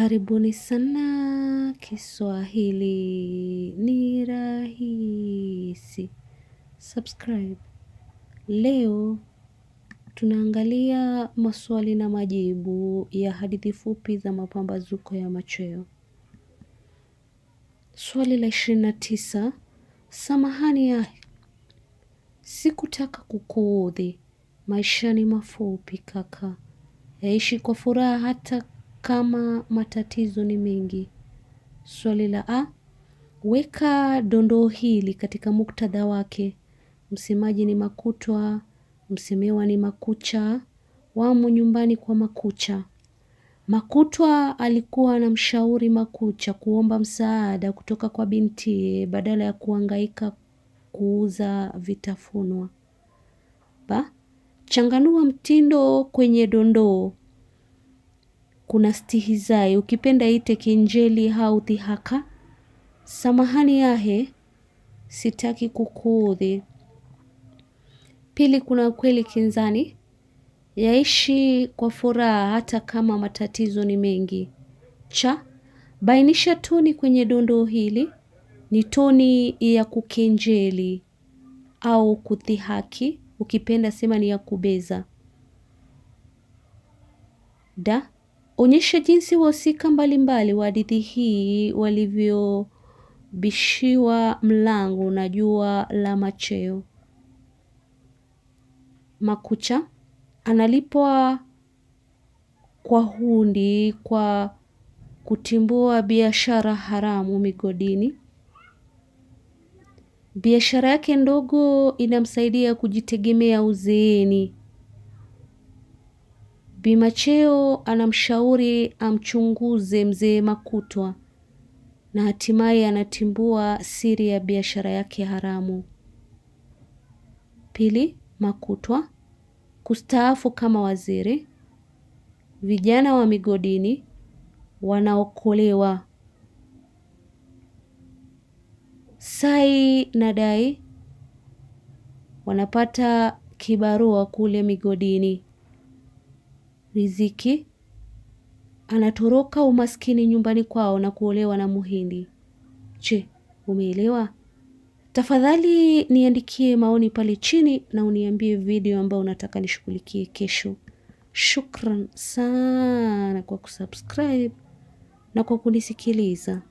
Karibuni sana Kiswahili ni rahisi. Subscribe. Leo tunaangalia maswali na majibu ya hadithi fupi za mapambazuko ya machweo. Swali la ishirini na tisa. Samahani ya sikutaka kukuudhi, maisha ni mafupi kaka, yaishi kwa furaha hata kama matatizo ni mengi. Swali la A, weka dondoo hili katika muktadha wake. Msemaji ni makutwa, msemewa ni makucha, wamo nyumbani kwa makucha. Makutwa alikuwa anamshauri makucha kuomba msaada kutoka kwa bintie badala ya kuangaika kuuza vitafunwa. Ba, changanua mtindo kwenye dondoo kuna stihizai, ukipenda ite kenjeli au dhihaka. Samahani yahe, sitaki kukuudhi. Pili, kuna kweli kinzani, yaishi kwa furaha hata kama matatizo ni mengi. Cha, bainisha toni kwenye dondoo hili ni toni ya kukenjeli au kudhihaki, ukipenda sema ni ya kubeza. Da, Onyesha jinsi wahusika mbalimbali wa hadithi hii walivyobishiwa mlango na jua la macheo. Makucha analipwa kwa hundi kwa kutimbua biashara haramu migodini. Biashara yake ndogo inamsaidia kujitegemea uzeeni bimacheo anamshauri amchunguze mzee Makutwa na hatimaye anatimbua siri ya biashara yake haramu. Pili, Makutwa kustaafu kama waziri. Vijana wa migodini wanaokolewa. Sai na Dai wanapata kibarua kule migodini riziki, anatoroka umaskini nyumbani kwao na kuolewa na Muhindi. Je, umeelewa? Tafadhali niandikie maoni pale chini na uniambie video ambayo unataka nishughulikie kesho. Shukran sana kwa kusubscribe na kwa kunisikiliza.